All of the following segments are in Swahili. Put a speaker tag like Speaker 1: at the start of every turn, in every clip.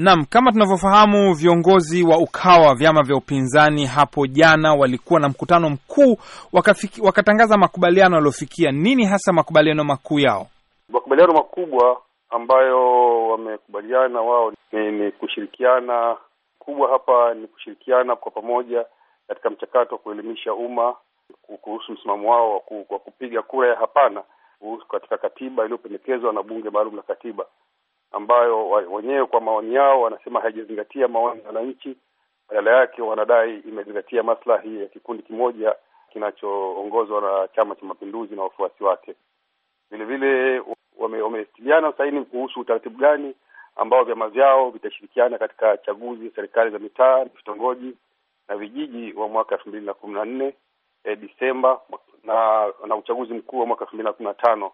Speaker 1: Naam, kama tunavyofahamu, viongozi wa Ukawa, vyama vya upinzani, hapo jana walikuwa na mkutano mkuu, wakafiki, wakatangaza makubaliano waliofikia. Nini hasa makubaliano makuu yao?
Speaker 2: Makubaliano makubwa ambayo wamekubaliana wao ni, ni kushirikiana kubwa hapa ni kushirikiana kwa pamoja katika mchakato wa kuelimisha umma kuhusu msimamo wao wa kupiga kura ya hapana katika katiba iliyopendekezwa na Bunge Maalum la Katiba ambayo wenyewe kwa maoni yao wanasema haijazingatia maoni ya wananchi, badala yake wanadai imezingatia maslahi ya kikundi kimoja kinachoongozwa na Chama cha Mapinduzi na wafuasi wake. Vilevile wametiliana wame saini kuhusu utaratibu gani ambao vyama vyao vitashirikiana katika chaguzi za serikali za mitaa, vitongoji na vijiji wa mwaka elfu mbili na kumi na nne eh, Desemba na, na uchaguzi mkuu wa mwaka elfu mbili na kumi na tano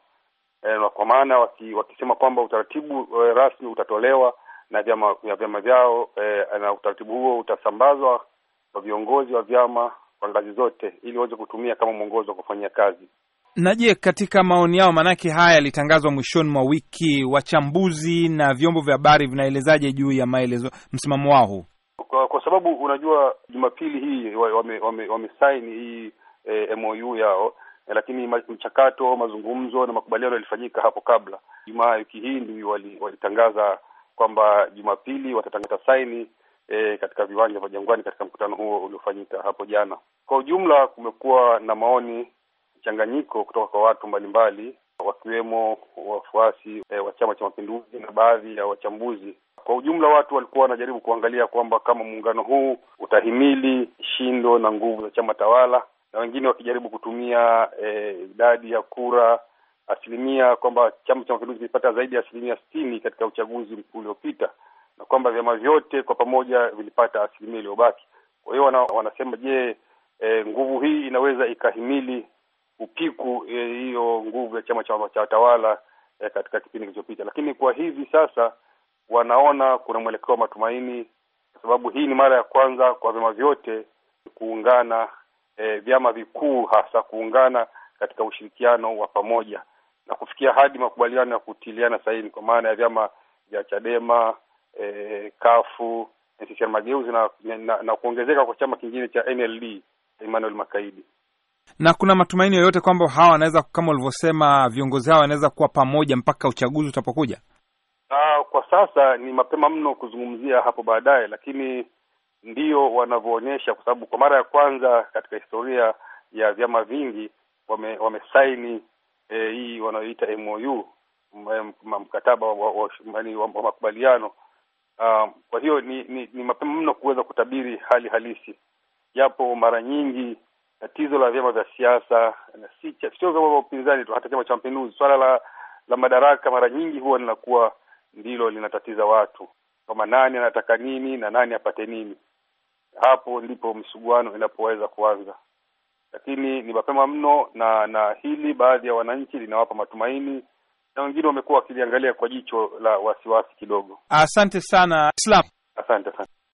Speaker 2: eh, kwa maana waki, wakisema kwamba utaratibu eh, rasmi utatolewa na vyama na vyama vyao eh, na utaratibu huo utasambazwa kwa viongozi wa vyama kwa ngazi zote ili waweze kutumia kama mwongozo wa kufanyia kazi.
Speaker 1: Na je, katika maoni yao, maanake haya yalitangazwa mwishoni mwa wiki, wachambuzi na vyombo vya habari vinaelezaje juu ya maelezo msimamo wao huu?
Speaker 2: Kwa, kwa sababu unajua Jumapili hii wamesaini wame, wame hii e, eh, MOU yao Eh, lakini mchakato, mazungumzo na makubaliano yalifanyika hapo kabla. Jumaa wiki hii ndio walitangaza wali kwamba Jumapili watatangaza saini E, katika viwanja vya Jangwani katika mkutano huo uliofanyika hapo jana. Kwa ujumla, kumekuwa na maoni mchanganyiko kutoka kwa watu mbalimbali wakiwemo wafuasi e, wa Chama cha Mapinduzi na baadhi ya wachambuzi. Kwa ujumla, watu walikuwa wanajaribu kuangalia kwamba kama muungano huu utahimili shindo na nguvu za chama tawala na wengine wakijaribu kutumia eh, idadi ya kura asilimia kwamba Chama cha Mapinduzi kilipata zaidi ya asilimia sitini katika uchaguzi mkuu uliopita, na kwamba vyama vyote kwa pamoja vilipata asilimia iliyobaki. Kwa hiyo wana, wanasema je, e, nguvu hii inaweza ikahimili upiku eh, hiyo e, nguvu ya chama cha watawala e, katika kipindi kilichopita. Lakini kwa hivi sasa wanaona kuna mwelekeo wa matumaini, kwa sababu hii ni mara ya kwanza kwa vyama vyote kuungana e, vyama vikuu hasa kuungana katika ushirikiano wa pamoja na kufikia hadi makubaliano ya kutiliana saini kwa maana ya vyama vya Chadema, e, kafu NCCR Mageuzi na, na, na kuongezeka kwa chama kingine cha NLD Emmanuel Makaidi.
Speaker 1: Na kuna matumaini yoyote kwamba hawa wanaweza kama ulivyosema, viongozi hao wanaweza kuwa pamoja mpaka uchaguzi utapokuja?
Speaker 2: Ah, kwa sasa ni mapema mno kuzungumzia hapo baadaye, lakini ndio wanavyoonyesha, kwa sababu kwa mara ya kwanza katika historia ya vyama vingi wamesaini wame eh, hii wanayoita MOU mkataba wa, wa, wa, wa makubaliano. Um, kwa hiyo ni, ni, ni mapema mno kuweza kutabiri hali halisi, japo mara nyingi tatizo la vyama vya siasa si sio vyama vya upinzani tu, hata Chama cha Mapinduzi, swala la la madaraka mara nyingi huwa linakuwa ndilo linatatiza watu, kama nani anataka nini na nani apate nini hapo ndipo msuguano inapoweza kuanza, lakini ni mapema mno, na na hili baadhi ya wananchi linawapa matumaini na wengine wamekuwa wakiliangalia kwa jicho la wasiwasi kidogo.
Speaker 1: Asante sana Islam.
Speaker 2: Asante sana.